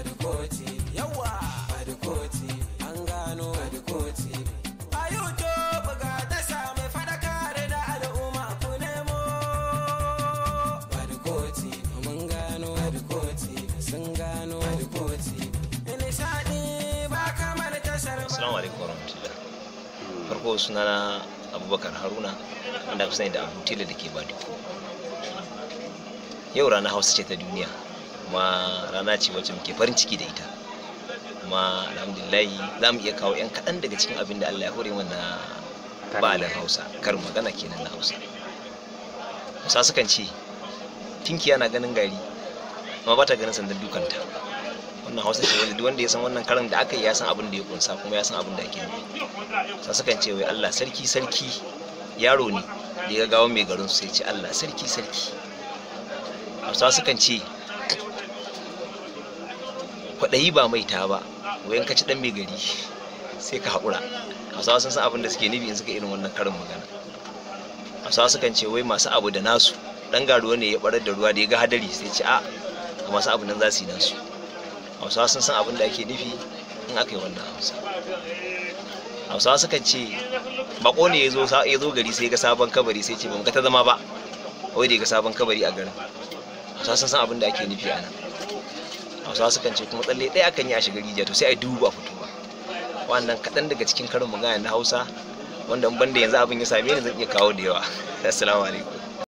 Kadukoti. Yawa. Kadukoti. An gano. Kadukoti. A YouTube ga tasha mai fadakar da al'umma ku nemo. Kadukoti. Mun gano. Kadukoti. Sun gano. ba kamar tashar Assalamu alaikum warahmatullah. Farko sunana Abubakar Haruna wanda da Abu Tila da ke Badiko. Yau ranar Hausa ce ta duniya kuma rana ce wacce muke farin ciki da ita kuma alhamdulillahi za mu iya kawo 'yan kaɗan daga cikin abin da allah ya hore mana balin hausa kar magana kenan na hausa musa sukan ce tinki yana ganin gari amma ba ta ganin sandan dukanta wannan hausa ce wanda wanda ya san wannan karin da aka yi ya san abin da ya kunsa kuma ya san abin da ake yi sa sukan ce wai allah sarki sarki yaro ne da ya gawo mai garin su sai ce allah sarki sarki hausa sukan ce kwaɗayi ba mai ta ba wayan ka ci ɗan mai gari sai ka haƙura hausawa sun san abin da suke nufi in suka irin wannan karin magana hausawa sukan ce wai masu abu da nasu ɗan garuwa ne ya barar da ruwa da ya ga hadari sai ci a masu abu nan za su yi nasu hausawa sun san abin da ake nufi in aka yi wannan hausa hausawa sukan ce bako ne ya zo gari sai ga sabon kabari sai ce ba mu ga ta zama ba wai da ya ga sabon kabari a garin hausawa sun san abin da ake nufi a nan hausawa sukan ce kuma tsalle ɗaya akan yi a shiga rijiya to sai a duba a fito ba wannan kaɗan daga cikin karin magana na hausa wanda ban da yanzu abin ya same ni zan iya kawo da yawa assalamu alaikum